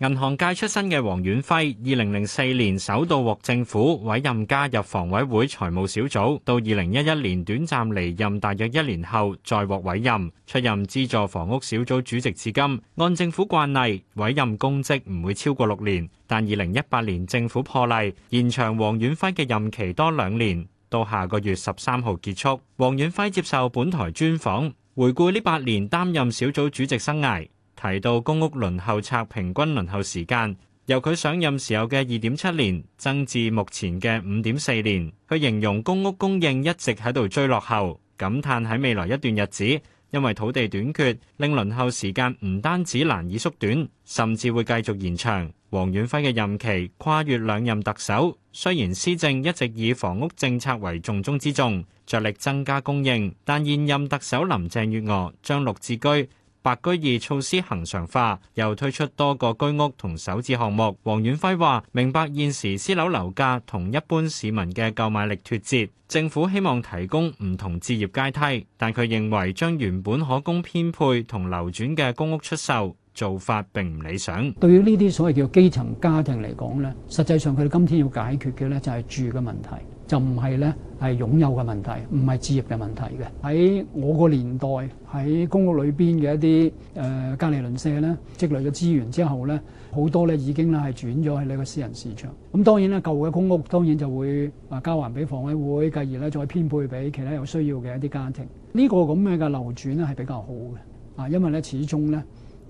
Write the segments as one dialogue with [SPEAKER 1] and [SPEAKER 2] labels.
[SPEAKER 1] 銀行界出身嘅黃遠輝，二零零四年首度獲政府委任加入房委會財務小組，到二零一一年短暫離任大約一年後，再獲委任出任資助房屋小組主席至今。按政府慣例，委任公職唔會超過六年，但二零一八年政府破例延長黃遠輝嘅任期多兩年，到下個月十三號結束。黃遠輝接受本台專訪，回顧呢八年擔任小組主席生涯。提到公屋輪候冊平均輪候時間由佢上任時候嘅二點七年增至目前嘅五點四年，佢形容公屋供應一直喺度追落後，感嘆喺未來一段日子，因為土地短缺令輪候時間唔單止難以縮短，甚至會繼續延長。黃遠輝嘅任期跨越兩任特首，雖然施政一直以房屋政策為重中之重，着力增加供應，但現任特首林鄭月娥將綠置居、白居二措施恆常化，又推出多個居屋同首置項目。黃遠輝話：明白現時私樓樓價同一般市民嘅購買力脫節，政府希望提供唔同置業階梯。但佢認為將原本可供編配同流轉嘅公屋出售做法，並唔理想。對於
[SPEAKER 2] 呢啲所謂叫基層家庭嚟講咧，實際上佢哋今天要解決嘅咧就係住嘅問題。就唔係咧，係擁有嘅問題，唔係置業嘅問題嘅。喺我個年代，喺公屋裏邊嘅一啲誒、呃、隔離鄰舍咧，積累咗資源之後咧，好多咧已經啦係轉咗去呢個私人市場。咁當然咧，舊嘅公屋當然就會話交還俾房委會，繼而咧再編配俾其他有需要嘅一啲家庭。呢、這個咁樣嘅流轉咧係比較好嘅啊，因為咧始終咧誒、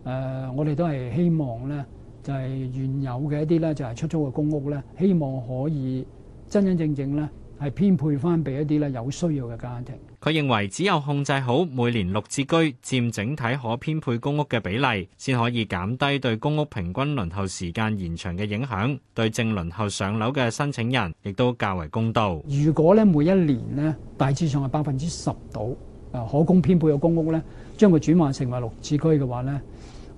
[SPEAKER 2] 呃，我哋都係希望咧就係、是、原有嘅一啲咧就係、是、出租嘅公屋咧，希望可以。真真正正咧，係編配翻俾一啲咧有需要嘅家庭。
[SPEAKER 1] 佢認為只有控制好每年綠置居佔整體可編配公屋嘅比例，先可以減低對公屋平均輪候時間延長嘅影響，對正輪候上樓嘅申請人亦都較為公道。
[SPEAKER 2] 如果咧每一年咧大致上係百分之十到啊可供編配嘅公屋咧，將佢轉換成為綠置居嘅話咧，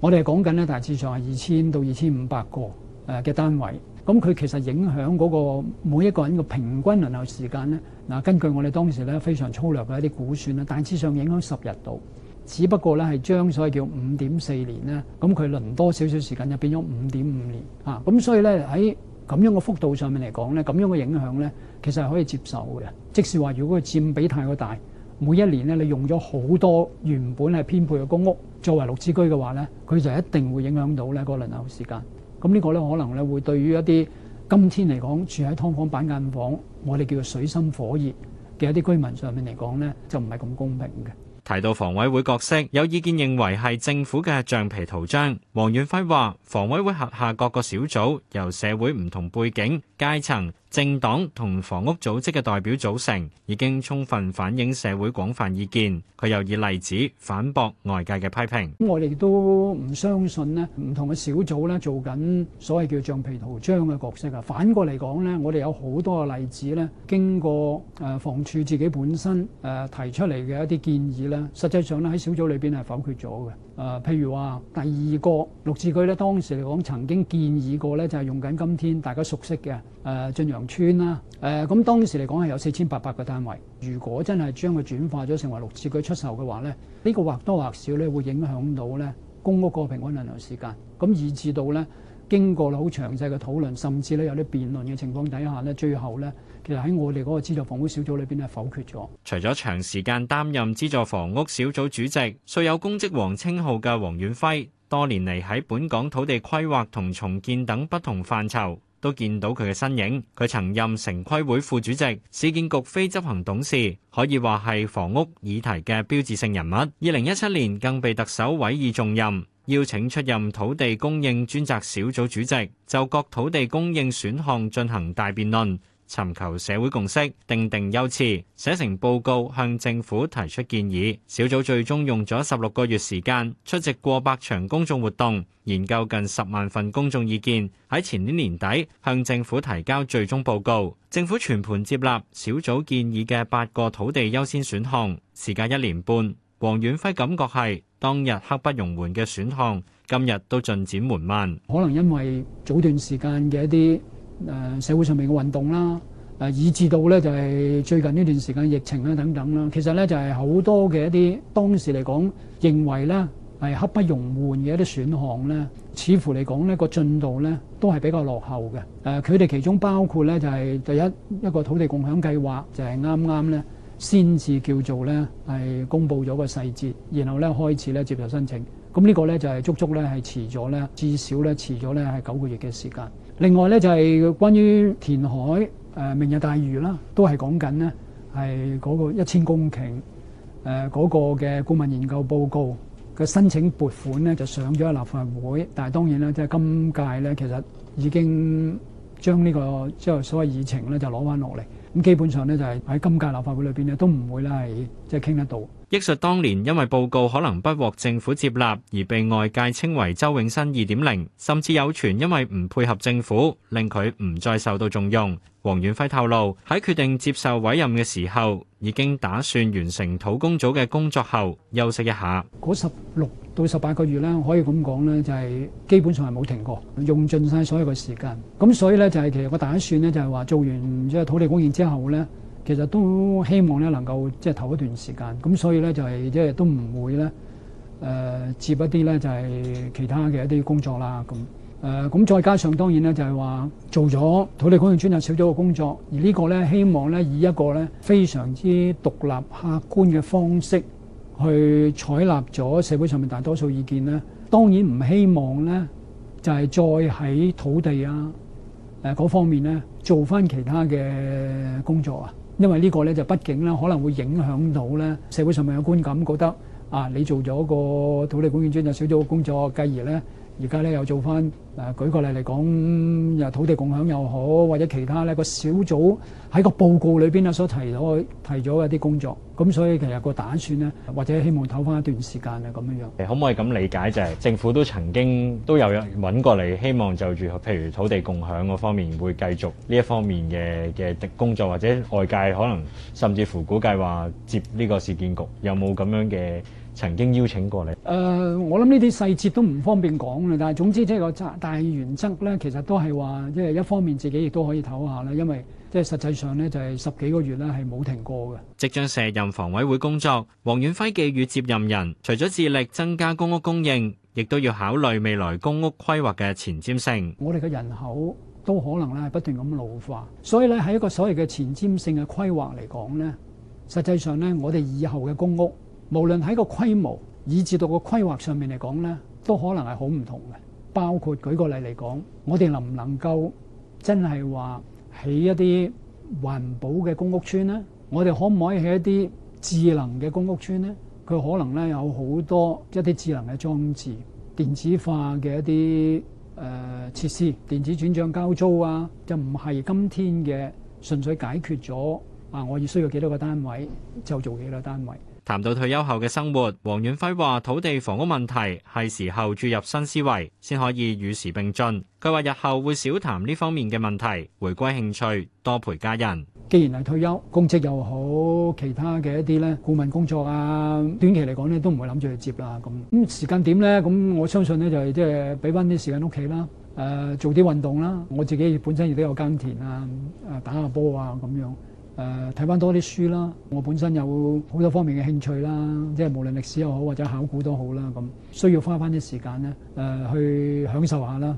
[SPEAKER 2] 我哋係講緊咧大致上係二千到二千五百個誒嘅單位。咁佢其實影響嗰個每一個人嘅平均輪候時間咧，嗱，根據我哋當時咧非常粗略嘅一啲估算啦，大致上影響十日度。只不過咧係將所謂叫五點四年咧，咁佢輪多少少時間就變咗五點五年啊。咁所以咧喺咁樣嘅幅度上面嚟講咧，咁樣嘅影響咧，其實係可以接受嘅。即使話，如果佢佔比太過大，每一年咧你用咗好多原本係編配嘅公屋作為綠置居嘅話咧，佢就一定會影響到咧個輪候時間。咁呢個咧，可能咧會對於一啲今天嚟講住喺劏房、板間房，我哋叫做水深火熱嘅一啲居民上面嚟講咧，就唔係咁公平
[SPEAKER 1] 嘅。提到房委會角色，有意見認為係政府嘅橡皮圖章。黃遠輝話：房委會轄下各個小組由社會唔同背景階層。政黨同房屋組織嘅代表組成，已經充分反映社會廣泛意見。佢又以例子反駁外界嘅批評。
[SPEAKER 2] 咁我哋都唔相信咧，唔同嘅小組咧做緊所謂叫橡皮圖章嘅角色啊。反過嚟講咧，我哋有好多嘅例子咧，經過誒房署自己本身誒提出嚟嘅一啲建議咧，實際上咧喺小組裏邊係否決咗嘅。誒譬如話第二個六字句咧，當時嚟講曾經建議過咧，就係用緊今天大家熟悉嘅誒進陽村啦，誒咁當時嚟講係有四千八百個單位，如果真係將佢轉化咗成為綠置居出售嘅話咧，呢個或多或少咧會影響到咧公屋個平均輪候時間，咁以至到咧經過好詳細嘅討論，甚至咧有啲辯論嘅情況底下咧，最後咧其實喺我哋嗰個資助房屋小組裏邊係否決咗。
[SPEAKER 1] 除咗長時間擔任資助房屋小組主席，素有公職王稱號嘅黃遠輝，多年嚟喺本港土地規劃同重建等不同範疇，都見到佢嘅身影，佢曾任城規會副主席、市建局非執行董事，可以話係房屋議題嘅標誌性人物。二零一七年更被特首委以重任，邀請出任土地供應專責小組主席，就各土地供應選項進行大辯論。尋求社會共識，定定優次，寫成報告向政府提出建議。小組最終用咗十六個月時間，出席過百場公眾活動，研究近十萬份公眾意見。喺前年年底向政府提交最終報告，政府全盤接納小組建議嘅八個土地優先選項。時隔一年半，黃遠輝感覺係當日刻不容緩嘅選項，今日都進展緩慢。可能
[SPEAKER 2] 因為早段時間嘅一啲，誒社會上面嘅運動啦，誒以至到呢就係最近呢段時間疫情啦等等啦，其實呢就係好多嘅一啲當時嚟講認為呢係刻不容緩嘅一啲選項呢，似乎嚟講呢個進度呢都係比較落後嘅。誒佢哋其中包括呢就係第一一個土地共享計劃，就係啱啱呢先至叫做呢係公布咗個細節，然後呢開始呢接受申請。咁呢個呢就係足足呢係遲咗呢至少呢遲咗呢係九個月嘅時間。另外，
[SPEAKER 1] 憶述當年，因為報告可能不獲政府接納，而被外界稱為周永新2.0，甚至有傳因為唔配合政府，令佢唔再受到重用。黃遠輝透露，喺決定接受委任嘅時候，已經打算完成土工組嘅工作後休息一下。
[SPEAKER 2] 嗰十六到十八個月呢，可以咁講呢，就係基本上係冇停過，用盡晒所有嘅時間。咁所以呢，就係其實我打算呢，就係話做完即係土地供應之後呢。其實都希望咧能夠即係唞一段時間，咁所以咧就係即係都唔會咧誒、呃、接一啲咧就係、是、其他嘅一啲工作啦。咁誒咁再加上當然咧就係、是、話做咗土地供應專責小組嘅工作，而個呢個咧希望咧以一個咧非常之獨立客觀嘅方式去採納咗社會上面大多數意見咧。當然唔希望咧就係、是、再喺土地啊誒嗰、呃、方面咧做翻其他嘅工作啊。因為呢個咧就畢竟咧可能會影響到咧社會上面嘅觀感，覺得啊你做咗個土地管理專責小組嘅工作，繼而咧。而家咧又做翻誒、呃，舉個例嚟講，又、嗯、土地共享又好，或者其他咧個小組喺個報告裏邊啊所提到提咗一啲工作，咁所以其實個打算咧，或者希望唞翻一段時間啊，咁樣樣。
[SPEAKER 1] 可唔可以咁理解就係、是、政府都曾經都有有揾過你，的希望就住譬如土地共享嗰方面會繼續呢一方面嘅嘅工作，或者外界可能甚至乎估計話接呢個市建局有冇咁樣嘅？曾經邀請過你。誒，
[SPEAKER 2] 我諗呢啲細節都唔方便講啦。但係總之即係個大原則咧，其實都係話，即係一方面自己亦都可以唞下啦，因為即係實際上咧就係十幾個月咧係冇停過嘅。
[SPEAKER 1] 即將卸任房委會工作，黃遠輝寄語接任人，除咗致力增加公屋供應，亦都要考慮未來公屋規劃嘅前瞻性。我
[SPEAKER 2] 哋嘅人口都可能咧係不斷咁老化，所以咧喺一個所謂嘅前瞻性嘅規劃嚟講咧，實際上咧我哋以後嘅公屋。無論喺個規模以至到個規劃上面嚟講呢，都可能係好唔同嘅。包括舉個例嚟講，我哋能唔能夠真係話起一啲環保嘅公屋村呢？我哋可唔可以起一啲智能嘅公屋村呢？佢可能呢有好多一啲智能嘅裝置、電子化嘅一啲誒、呃、設施、電子轉賬交租啊，就唔係今天嘅純粹解決咗啊！我要需要幾多個單位就做幾多單位。
[SPEAKER 1] 談到退休後嘅生活，黃遠輝話，土地房屋問題，係時候注入新思維，先可以與時並進，佢話日後會少談呢方面嘅問題，回歸興趣，多陪家人。
[SPEAKER 2] 既然係退休，公職又好，其他嘅一啲顧問工作，短期嚟講都唔會諗住去接。時間點呢？我相信俾返啲時間屋企，做啲運動，我自己本身亦都有耕田，打下波，誒睇翻多啲書啦，我本身有好多方面嘅興趣啦，即係無論歷史又好或者考古都好啦，咁需要花翻啲時間咧，誒、呃、去享受下啦。